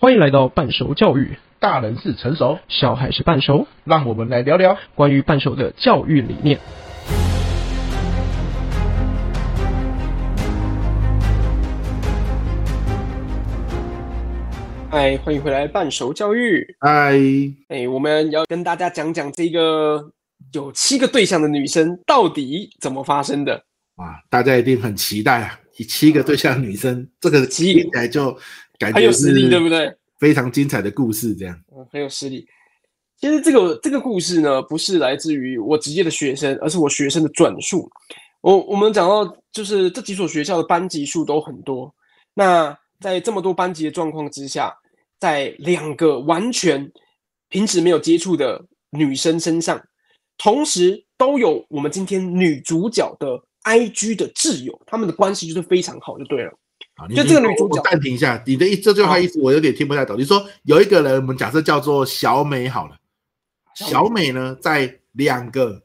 歡迎來到半熟教育，大人是成熟，小孩是半熟，讓我們來聊聊關於半熟的教育理念。嗨，歡迎回來，半熟教育。嗨、欸，我們要跟大家講講這個有七個對象的女生到底怎麼發生的啊？大家一定很期待啊！以七個對象的女生、嗯、這個機會應該就。很有實力，對不對？非常精彩的故事，這樣，嗯，很有實力。其實這個這個故事呢，不是來自於我直接的學生，而是我學生的轉述。我我們講到，就是這幾所學校的班級數都很多。那在這麼多班級的狀況之下，在兩個完全平時沒有接觸的女生身上，同時都有我們今天女主角的 IG 的摯友，她們的關係就是非常好，就對了。就這個女主角，暫停一下，你的意這句話意思、哦、我有點聽不太懂。你說有一個人，我們假設叫做小美好了，小美，小美呢，在兩個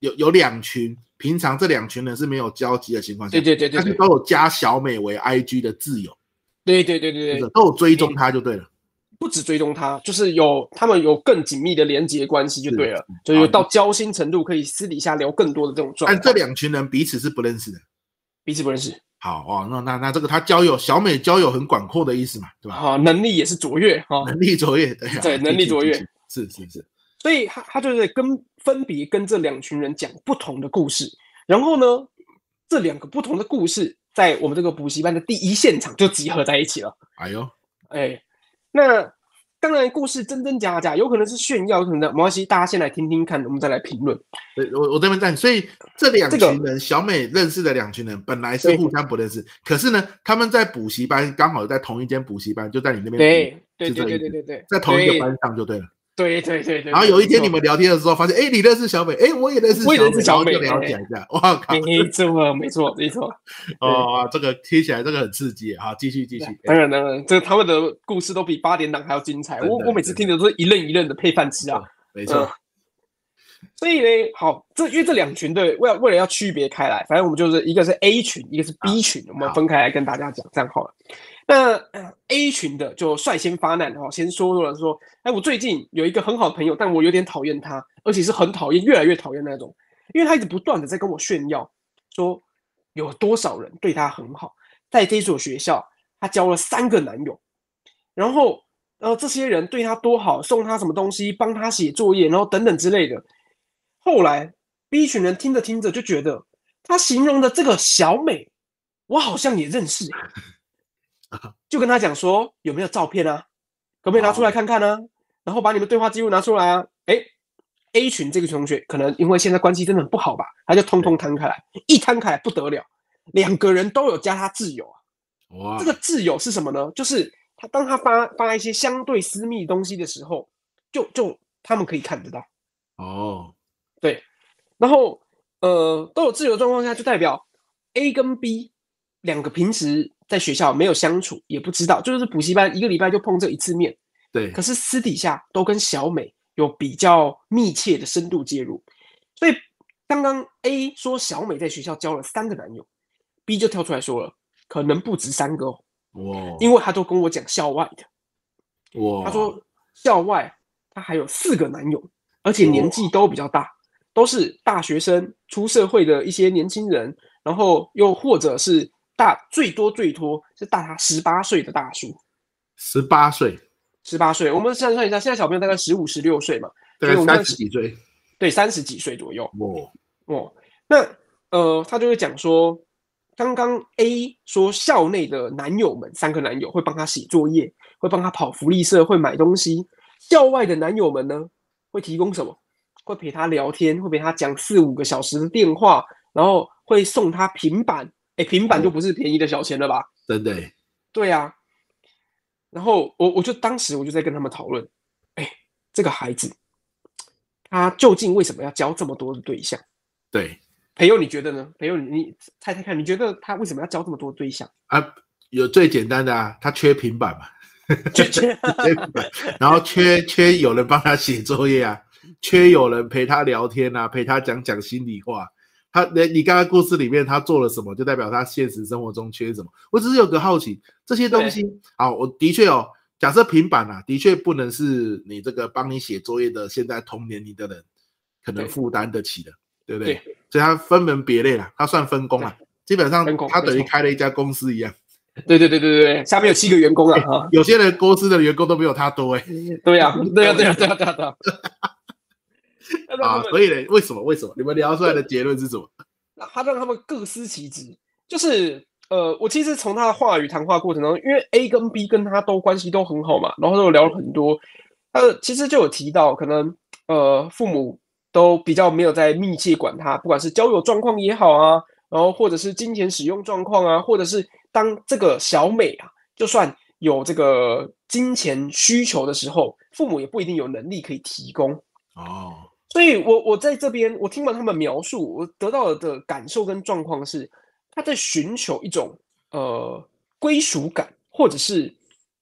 有有兩群，平常這兩群人是沒有交集的情況下，對對，對對對，但是都有加小美為 IG 的摯友，對對對對對，都有追蹤她就對了、欸，不只追蹤她，就是有他們有更緊密的連接關係就對了，就有到交心程度可以私底下聊更多的這種狀況，嗯，但這兩群人彼此是不認識的，彼此不認識。好哦，那那那這個他交友，小美交友很廣闊的意思嘛，對吧？好，能力也是卓越哈、哦，能力卓越，哎、對，能力卓越，是是是，所以他他就是跟分別跟這兩群人講不同的故事，然後呢，這兩個不同的故事在我們這個補習班的第一現場就集合在一起了。哎呦，哎，那。當然，故事真真假假，有可能是炫耀什麼的，沒關係。大家先來聽聽看，我們再來評論。對，我我這邊在，所以這兩群人、這個，小美認識的兩群人，本來是互相不認識，可是呢，他們在補習班剛好在同一間補習班，就在你那邊，對，對對對對對，在同一個班上就對了。對對對對對對，然後有一天你們聊天的時候，發現哎、欸，你認識小美，哎、欸，我也認識，為了是小美，小美就了解一下，欸、哇靠，欸、沒錯 沒錯沒錯，哦、啊，這個聽起來這個很刺激，好、啊，繼續繼續，當然當然，這個、他們的故事都比八點檔還要精彩，我我每次聽的都是一愣一愣的配飯吃啊，嗯、沒錯，所以呢，好，這因為這兩群對為了為了要區別開來，反正我們就是一個是 A 群，一個是 B 群，啊、我們分開來跟大家講，這樣好了。那 A 群的就率先發難的話，先說，說了說，哎，我最近有一個很好的朋友，但我有點討厭他，而且是很討厭，越來越討厭那種，因為他一直不斷的在跟我炫耀，說有多少人對他很好，在這所學校，他交了三個男友，然後呃，這些人對他多好，送他什麼東西，幫他寫作業，然後等等之類的。後來 B 群人聽着聽着就覺得，他形容的這個小美，我好像也認識。 就跟他講說有沒有照片啊，可不可以拿出來看看呢、啊？然後把你們對話記錄拿出來啊。哎，A 群這個同學可能因為現在關係真的很不好吧，他就通通攤開來，一攤開來不得了，兩個人都有加他摯友啊。哇，這個摯友是什麼呢？就是他當他發發一些相對私密的東西的時候，就就他們可以看得到。哦，對，然後呃，都有摯友的狀況下，就代表 A 跟 B 兩個平時。在學校沒有相處，也不知道，就是補習班一個禮拜就碰這一次面。對，可是私底下都跟小美有比較密切的深度介入。所以剛剛 A 說小美在學校交了三個男友，B 就跳出來說了，可能不止三個哦。哇，因為他都跟我講校外的。哇，他說校外他還有四個男友，而且年紀都比較大，哦，都是大學生、出社會的一些年輕人，然後又或者是。大最多最多是大他十八歲的大叔，十八歲，十八歲。我們算算一下，現在小朋友大概十五、十六歲嘛，大概三十幾歲。所以我們在，對，三十幾歲，對，三十幾歲左右。哦哦，那呃，他就會講說，剛剛 A 說校內的男友們三個男友會幫他寫作業，會幫他跑福利社，會買東西。校外的男友們呢，會提供什麼？會陪他聊天，會陪他講四五個小時的電話，然後會送他平板。誒，平板就不是便宜的小錢了吧？真、啊、的。對呀、啊，然後我我就當時我就在跟他們討論，哎，這個孩子，他究竟為什麼要交這麼多的對象？對，培祐，你覺得呢？培祐，你猜猜看，你覺得他為什麼要交這麼多的對象？啊，有最簡單的啊，他缺平板嘛，缺 缺 然後缺缺有人幫他寫作業啊，缺有人陪他聊天啊，陪他講講心裡話。他你你剛才故事裡面他做了什麼，就代表他現實生活中缺什麼。我只是有個好奇，這些東西，好，我的確哦，假設平板啊，的確不能是你這個幫你寫作業的現在同年齡的人可能負擔得起的，對不對？所以他分門別類了，他算分工啊，基本上他等於開了一家公司一樣。對對對對對，下面有七個員工啊，有些人公司的員工都沒有他多哎，對呀對呀對呀對呀對。他他啊，所以呢，為什麼？為什麼？你們聊出來的結論是什麼？那他讓他們各司其職，就是呃，我其實從他的話語談話過程中，因為 A 跟 B 跟他都關係都很好嘛，然後又聊了很多，他、啊、其實就有提到，可能呃，父母都比較沒有在密切管他，不管是交友狀況也好啊，然後或者是金錢使用狀況啊，或者是當這個小美啊，就算有這個金錢需求的時候，父母也不一定有能力可以提供哦。Oh. 所以，我我在這邊，我聽完他們描述，我得到的感受跟狀況是，他在尋求一種呃歸屬感，或者是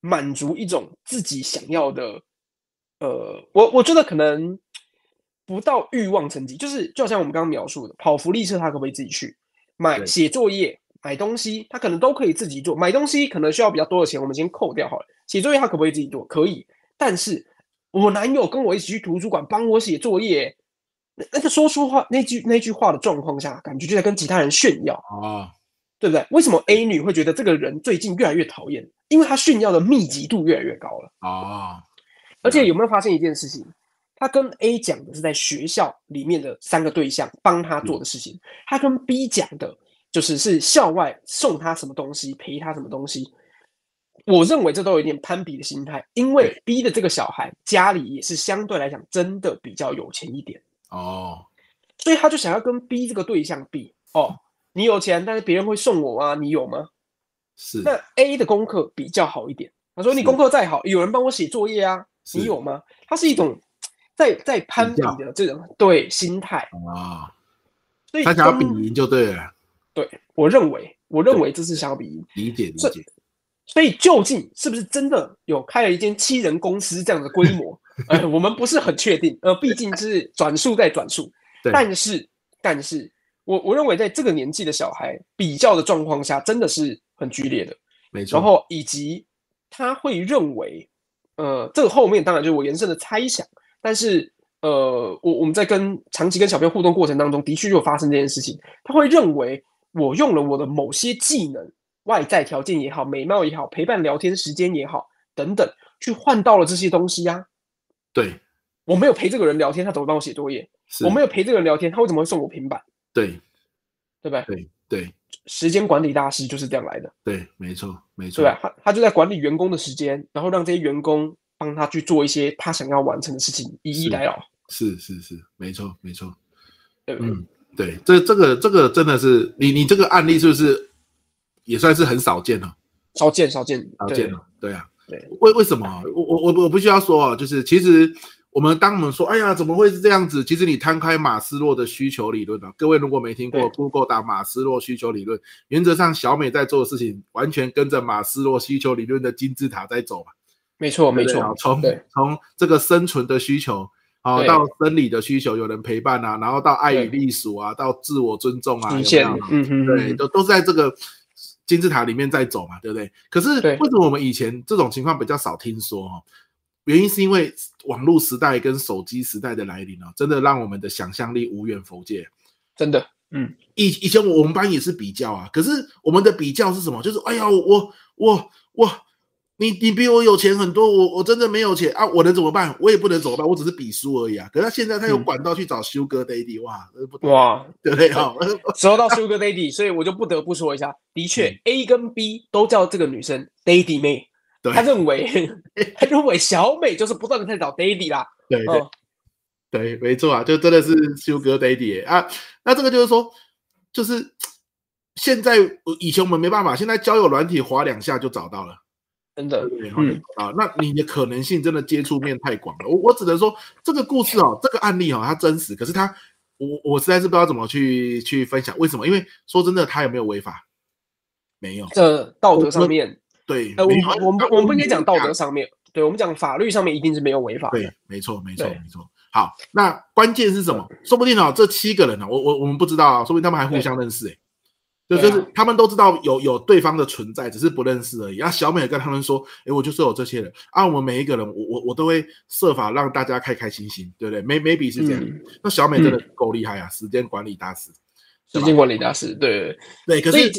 滿足一種自己想要的。呃，我我覺得可能不到慾望層級，就是就像我們剛剛描述的，跑福利社他可不可以自己去買？寫作業、買東西，他可能都可以自己做。買東西可能需要比較多的錢，我們先扣掉好了。寫作業他可不可以自己做？可以，但是。我男友跟我一起去圖書館幫我寫作業、欸，那個說說話那句那句話的狀況下，感覺就在跟其他人炫耀啊，對不對？為什麼 A 女會覺得這個人最近越來越討厭？因為他炫耀的密集度越來越高了啊，啊。而且有沒有發現一件事情？他跟 A 講的是在學校裡面的三個對象幫他做的事情，他、嗯、跟 B 講的就是是校外送他什麼東西，陪他什麼東西。我認為這都有一點攀比的心態，因為 B 的這個小孩家裡也是相對來講真的比較有錢一點哦，所以他就想要跟 B 這個對象比哦。你有錢，但是別人會送我啊，你有嗎？是。那 A 的功課比較好一點，他說你功課再好，有人幫我寫作業啊，你有嗎？他是一種在在攀比的這種對心態、嗯、啊，所以他想要比贏就對了。對，我認為，我認為這是想要比贏，理解理解。理解。所以，究竟是不是真的有開了一間七人公司這樣的規模？ 呃，我們不是很確定。呃，畢竟是轉述再轉述，對，但是，但是我我認為，在這個年紀的小孩比較的狀況下，真的是很劇烈的。沒錯。然後，以及他會認為，呃，這個後面當然就是我延伸的猜想。但是，呃，我我們在跟長期跟小朋友互動過程當中，的確就發生這件事情。他會認為我用了我的某些技能。外在條件也好，美貌也好，陪伴聊天時間也好，等等，去換到了這些東西呀、啊。對，我沒有陪這個人聊天，他怎麼幫我寫作業？我沒有陪這個人聊天，他為什麼會送我平板？對，對不對？對對，時間管理大師就是這樣來的。對，沒錯，沒錯，對吧？他他就在管理員工的時間，然後讓這些員工幫他去做一些他想要完成的事情，以逸待勞。是是是，是，沒錯沒錯。嗯，對，這這個這個真的是你你這個案例是不是？也算是很少見了，少見少見少見了。對，對啊，對，為為什麼、啊、我我我不需要說啊？就是其實我們當我們說哎呀怎麼會是這樣子？其實你攤開馬斯洛的需求理論啊，各位如果沒聽過，Google 打馬斯洛需求理論，原則上小美在做的事情完全跟着馬斯洛需求理論的金字塔在走嘛，沒錯、啊、沒錯，從從這個生存的需求，好、哦、到生理的需求，有人陪伴啊，然後到愛與隸屬啊，到自我尊重啊，對，都、嗯嗯、都在這個。金字塔裡面再走嘛，對不對，對？可是為什麼我們以前這種情況比較少聽說？哦，原因是因為網絡時代跟手機時代的來臨啊，真的讓我們的想象力無遠弗屆。真的，嗯，以以前我我們班也是比較啊，可是我們的比較是什麼？就是哎呀，我我我，我。你你比我有錢很多，我我真的沒有錢啊！我能怎麼辦？我也不能怎麼辦，我只是比輸而已啊！可是他現在他有管道去找、嗯、Sugar Daddy，哇，哇，對對，好、哦，找到 Sugar、嗯、Daddy，所以我就不得不說一下，的確、嗯、A 跟 B 都叫這個女生 Daddy 妹，對他認為 他認為小美就是不斷的在找 Daddy 啦，對對對，嗯、對沒錯啊，就真的是、嗯、Sugar Daddy 啊！那這個就是說，就是現在以前我們沒辦法，現在交友軟體滑兩下就找到了。真的，對嗯啊，那你的可能性真的接觸面太廣了。我我只能說，這個故事哦、啊，這個案例哦、啊，它真實，可是它，我我實在是不知道怎麼去去分享。為什麼？因為說真的，他有沒有違法？沒有。這道德上面，我對，呃，我我們我們，我們不應該講道德上面，啊、對我們講法律上面一定是沒有違法。對，沒錯，沒錯，沒錯。好，那關鍵是什麼？嗯、說不定哦，這七個人呢，我我我們不知道，說不定他們還互相認識誒、欸。就是他們都知道有有對方的存在，只是不認識而已。啊小美跟他們說、欸：“誒我就是有這些人啊，我們每一個人，我我我都會設法讓大家開開心心，對不對 may？”Maybe 是這樣、嗯。那小美真的夠厲害啊，時間管理大師，時間管理大師。對對。哎，可是，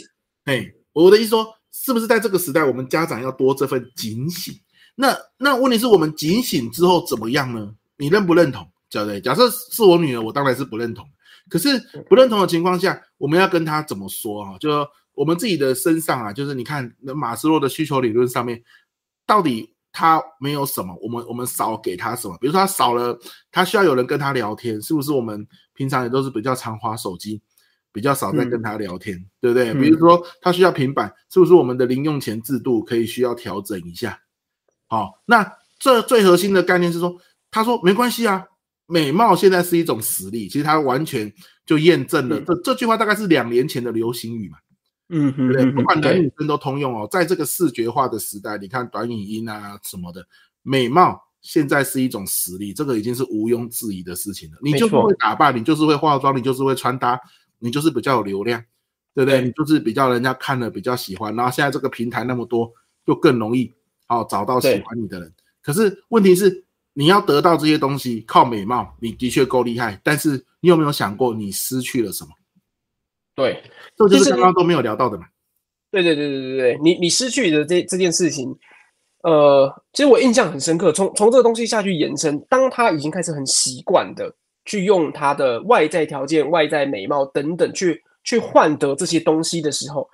哎，我的意思說，是不是在這個時代，我們家長要多這份警醒？那那問題是我們警醒之後怎麼樣呢？你認不認同？對不對？假設是我女兒，我當然是不認同。可是不認同的情況下。我們要跟他怎麼說啊？就是我們自己的身上啊，就是你看那馬斯洛的需求理論上面，到底他沒有什麼？我們我們少給他什麼？比如說他少了，他需要有人跟他聊天，是不是？我們平常也都是比較常滑手機，比較少在跟他聊天，嗯，對不對？嗯？比如說他需要平板，是不是我們的零用錢制度可以需要調整一下？好，那這最最核心的概念是說，他說沒關係啊。美貌現在是一種實力，其實它完全就驗證了、嗯、這這句話，大概是兩年前的流行語嘛，嗯，哼。對不對？不管男女生都通用哦。在這個視覺化的時代，你看短影音啊什麼的，美貌現在是一種實力，這個已經是毋庸置疑的事情了。你就是會打扮，你就是會化妝，你就是會穿搭，你就是比較有流量，對不對，對？你就是比較人家看了比較喜歡，然後現在這個平台那麼多，就更容易哦找到喜歡你的人。可是問題是。你要得到這些東西靠美貌，你的確夠厲害。但是你有沒有想過，你失去了什麼？對，這就是剛剛都沒有聊到的嘛。對對對對對對，你你失去的這這件事情，呃，其實我印象很深刻。從從這個東西下去延伸，當他已經開始很習慣的去用他的外在條件、外在美貌等等去去換得這些東西的時候，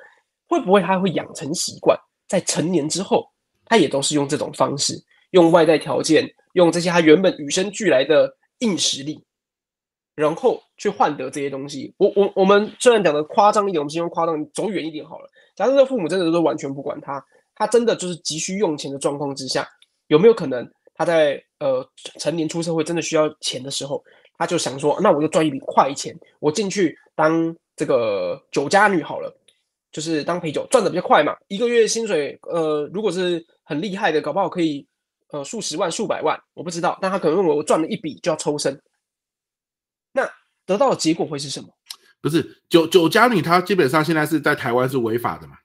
會不會他會養成習慣，在成年之後，他也都是用這種方式，用外在條件。用這些他原本與生俱來的硬實力，然後去換得這些東西。我我我們雖然講的誇張一點，我們先用誇張走遠一點好了。假設父母真的都是完全不管他，他真的就是急需用錢的狀況之下，有沒有可能他在呃成年出社會真的需要錢的時候，他就想說，那我就賺一筆快錢，我進去當這個酒家女好了，就是當陪酒賺的比較快嘛，一個月薪水呃，如果是很厲害的，搞不好可以。呃，數十萬、數百萬，我不知道，但他可能認為我賺了一筆就要抽身，那得到的結果會是什麼？不是酒酒家女，她基本上現在是在台灣是違法的嘛？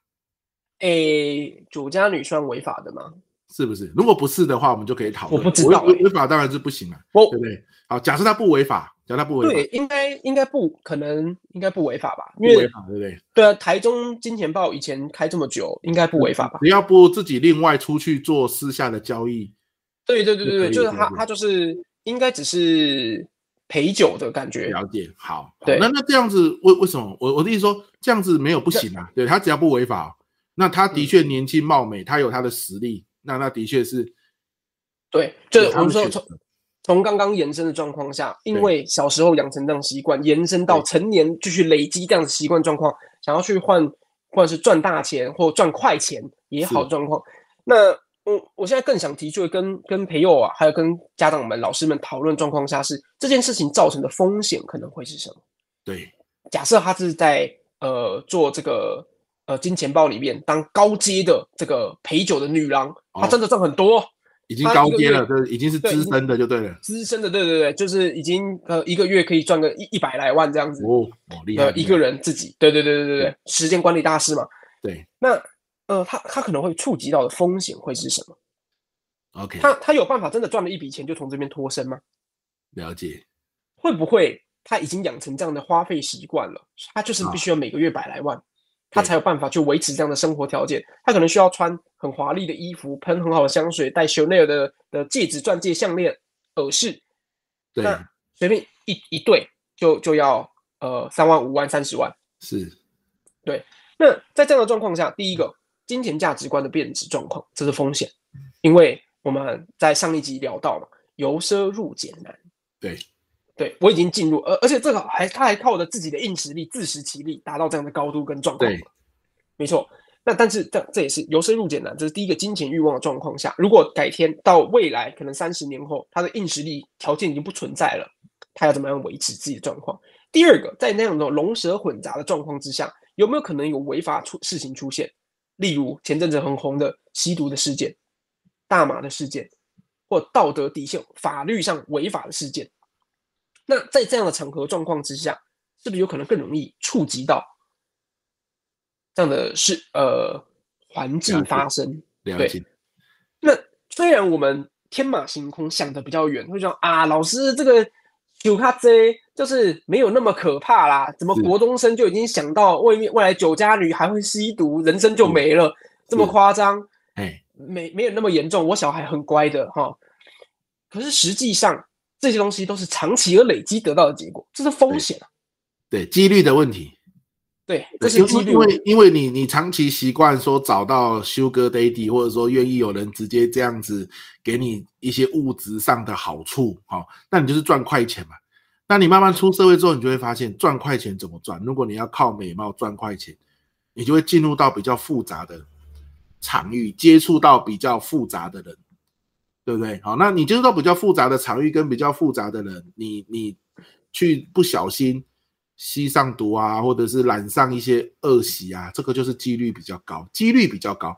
誒、欸，酒家女算違法的嗎？是不是？如果不是的話，我們就可以討論。我不知道，違違法，法當然是不行、啊、哦，對不對，對？好，假設她不違法。講他不違法，對，應該應該不可能，應該不違法吧？因為違法對不對？對啊，台中金錢豹以前開這麼久，應該不違法吧？只要不自己另外出去做私下的交易，對對對對，就、就是他對對他就是應該只是陪酒的感覺。了解，好，對，那那這樣子為為什麼？我我的意思說，這樣子沒有不行啊。對他只要不違法，那他的確年輕貌美，嗯、他有他的實力，那那的確是，對，就是我們說從。從剛剛延伸的狀況下，因為小時候養成這樣習慣，延伸到成年繼續累積這樣的習慣狀況，想要去換或者是賺大錢或賺快錢也好的狀況。那我、嗯、我現在更想提出，出跟跟朋友啊，還有跟家長們、老師們討論狀況下是這件事情造成的風險可能會是什麼？對，假設他是在呃做這個呃金錢豹裡面當高階的這個陪酒的女郎，她、嗯、真的賺很多。已經高階了，這已經是資深的，就對了。資深的，對對對，就是已經呃一個月可以賺個一一百來萬這樣子哦，好、哦、厲害、呃！一個人自己，對對對對對對、嗯，時間管理大師嘛。對，那呃，他他可能會觸及到的風險會是什麼？OK，他他有辦法真的賺了一筆錢就從這邊脫身嗎？了解，會不會他已經養成這樣的花費習慣了？他就是必須要每個月百來萬。啊他才有辦法去維持這樣的生活條件，他可能需要穿很華麗的衣服，噴很好的香水，戴香奈兒的的戒指、鑽戒、項鏈、耳飾，對，那隨便一一對就就要呃三萬、五萬、三十萬，是，對。那在這樣的狀況下，第一個金錢價值觀的變質狀況，這是風險，因為我們在上一集聊到嘛，由奢入儉難，對。對，我已經進入，而而且這個還，他還靠着自己的硬實力自食其力，達到這樣的高度跟狀況。對。沒錯。那但是這這也是由深入簡的，這是第一個金錢慾望的狀況下。如果改天到未來，可能三十年後，他的硬實力條件已經不存在了，他要怎麼樣維持自己的狀況？第二個，在那樣的龍蛇混雜的狀況之下，有沒有可能有違法出事情出現？例如前陣子很紅的吸毒的事件、大麻的事件，或道德底線、法律上違法的事件。那在這樣的場合狀況之下，是不是有可能更容易觸及到這樣的事？呃，環境發生。對。那雖然我們天馬行空想的比較遠，會說啊，老師這個酒咖啡就是沒有那麼可怕啦。怎麼國中生就已經想到外面未來酒家女還會吸毒，人生就沒了？嗯，這麼誇張？哎，沒沒有那麼嚴重，我小孩很乖的哈。可是實際上。這些東西都是長期而累積得到的結果，這是風險啊。對，對幾率的問題。對，這是幾率的問題，因為因為你你長期習慣說找到 Sugar Daddy，或者說願意有人直接這樣子給你一些物質上的好處，哈、哦，那你就是賺快錢嘛。那你慢慢出社會之後，你就會發現賺快錢怎麼賺。如果你要靠美貌賺快錢，你就會進入到比較複雜的場域，接觸到比較複雜的人。對不對？好，那你就是說比較複雜的場域跟比較複雜的人，你你去不小心吸上毒啊，或者是染上一些惡習啊，這個就是幾率比較高，幾率比較高。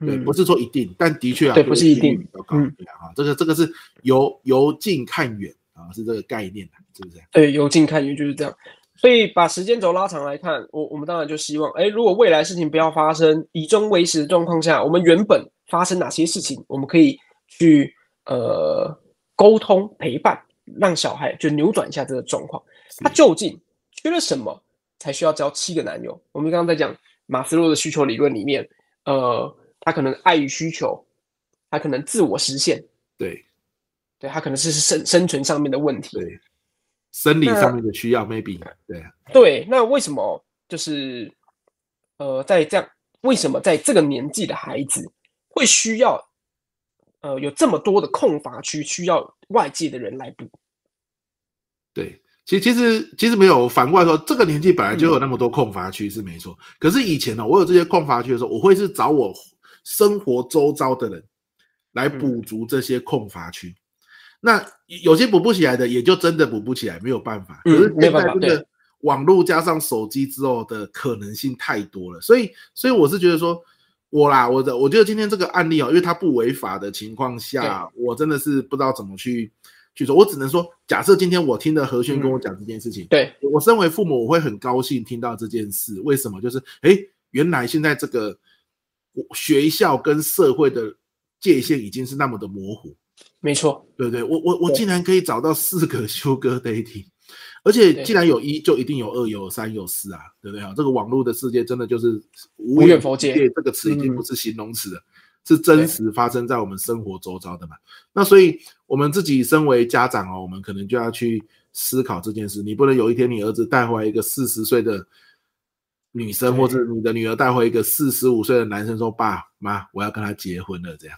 嗯、對，不是說一定，但的確啊，對，不是一定是比較高。對啊、嗯，這個這個是由由近看遠啊，是這個概念、啊、是不是？對，由近看遠就是這樣。所以把時間軸拉長來看，我我們當然就希望，哎，如果未來事情不要發生，以終為始的狀況下，我們原本發生哪些事情，我們可以。去呃，溝通陪伴，讓小孩就扭轉一下這個狀況。他究竟缺了什麼才需要交七個男友？我們剛剛在講馬斯洛的需求理論裡面，呃，他可能愛與需求，他可能自我實現，對，對他可能是生生存上面的問題，對，生理上面的需要，maybe，對，對。那為什麼就是呃，在這樣為什麼在這個年紀的孩子會需要？呃，有這麼多的空乏區需要外界的人來補。對，其實其實其實沒有。反過來說，這個年紀本來就有那麼多空乏區，嗯、是沒錯。可是以前呢、哦，我有這些空乏區的時候，我會是找我生活周遭的人來補足這些空乏區。嗯、那有些補不起來的，也就真的補不起來，沒有辦法。嗯。可是現在這個網絡加上手機之後的可能性太多了，所以所以我是覺得說。我啦，我的我覺得今天這個案例哦，因為它不違法的情況下，我真的是不知道怎麼去去做。我只能說，假設今天我聽了何宣跟我講這件事情，嗯、對我身為父母，我會很高興聽到這件事。為什麼？就是哎，原來現在這個學校跟社會的界限已經是那麼的模糊。沒錯，對對，我我我竟然可以找到四個 sugar daddy。而且既然有一，就一定有二、有三、有四啊，對不對啊？這個網絡的世界真的就是無遠弗、弗屆，這個詞已經不是形容詞了，嗯，是真實發生在我們生活周遭的嘛。那所以我們自己身為家長哦，我們可能就要去思考這件事。你不能有一天你兒子帶回來一個四十歲的女生，或者你的女兒帶回一個四十五歲的男生，說：“爸媽，我要跟他結婚了。”這樣。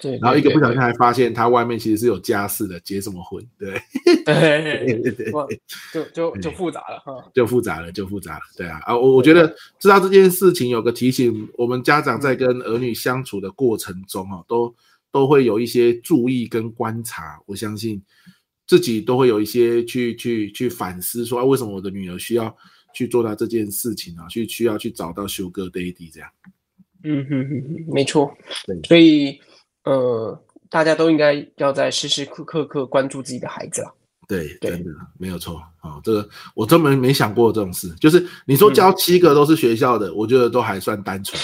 對，對，然後一個不小心還發現他外面其實是有家室的，結什麼婚？對，對，對，對，對，對，對，就就就複雜了，哈， 就複雜了，就複雜了，對啊，啊，我我覺得知道這件事情有個提醒，我們家長在跟兒女相處的過程中、啊，哦、嗯，都都會有一些注意跟觀察，我相信自己都會有一些去去去反思說，說啊，為什麼我的女兒需要去做到這件事情啊？去需要去找到 Sugar Daddy 這樣，嗯哼，哼，沒錯，所以。呃，大家都應該要在時時刻刻，刻關注自己的孩子，對、啊、對，真的對沒有錯啊、哦。這個我真門沒想過這種事，就是你說教七個都是學校的，嗯、我覺得都還算單純。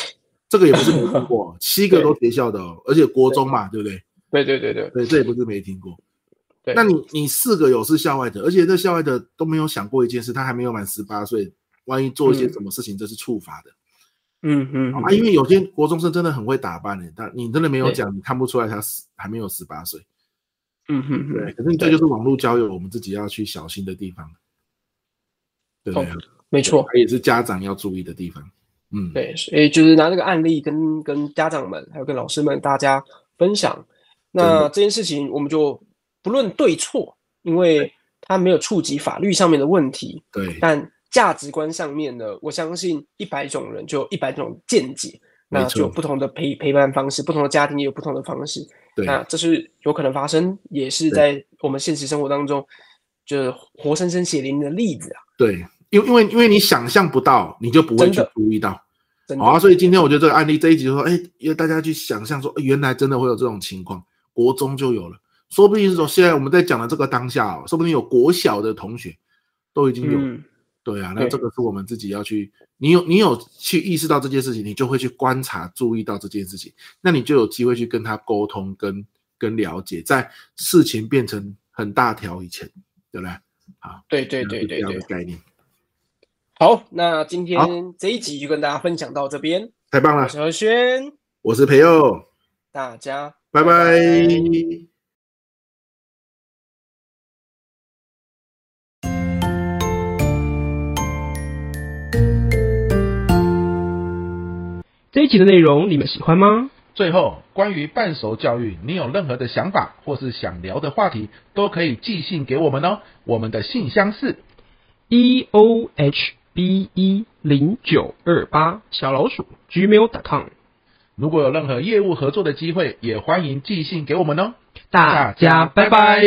這個也不是沒聽過，嗯、七個都學校的、哦， 而且國中嘛，對，對不對？對對對對，對這也不是沒聽過。對，那你你四個有是校外的，而且這校外的都沒有想過一件事，他還沒有滿十八歲，萬一做一些什麼事情，嗯、這是處罰的。嗯嗯、哦，因為有些國中生真的很會打扮呢，但你真的沒有講，你看不出來他十還沒有十八歲。嗯哼，哼，對，可是這就是網絡交友，我們自己要去小心的地方。對，對對哦、沒錯，也是家長要注意的地方。嗯，對，所以就是拿這個案例跟跟家長們，還有跟老師們，大家分享。那這件事情我們就不論對錯，因為它沒有觸及法律上面的問題。對，但。價值觀上面的，我相信一百種人就有一百種見解，那、啊、就有不同的陪陪伴方式，不同的家庭也有不同的方式。那、啊、這是有可能發生，也是在我們現實生活當中，就是活生生血淋淋的例子啊。對，因因為因為你想象不到，你就不會去注意到。好啊，所以今天我覺得這個案例這一集就是說，哎、欸，要大家去想象說、欸，原來真的會有這種情況，國中就有了，說不定是說現在我們在講的這個當下哦、喔，說不定有國小的同學都已經有、嗯。對啊，那這個是我們自己要去。你有你有去意識到這件事情，你就會去觀察、注意到這件事情，那你就有機會去跟他溝通、跟跟了解，在事情變成很大條以前，對不對？好，對對對對，對，對，這樣的概念對對對對。好，那今天這一集就跟大家分享到這邊，太棒了，何宣，我是培祐，大家拜拜。拜拜這一集的內容你們喜歡嗎？最後，關於半熟教育，你有任何的想法或是想聊的話題，都可以寄信給我們哦。我們的信箱是 eohbe 零九二八小老鼠 gmail.com。如果有任何業務合作的機會，也歡迎寄信給我們哦。大家拜拜。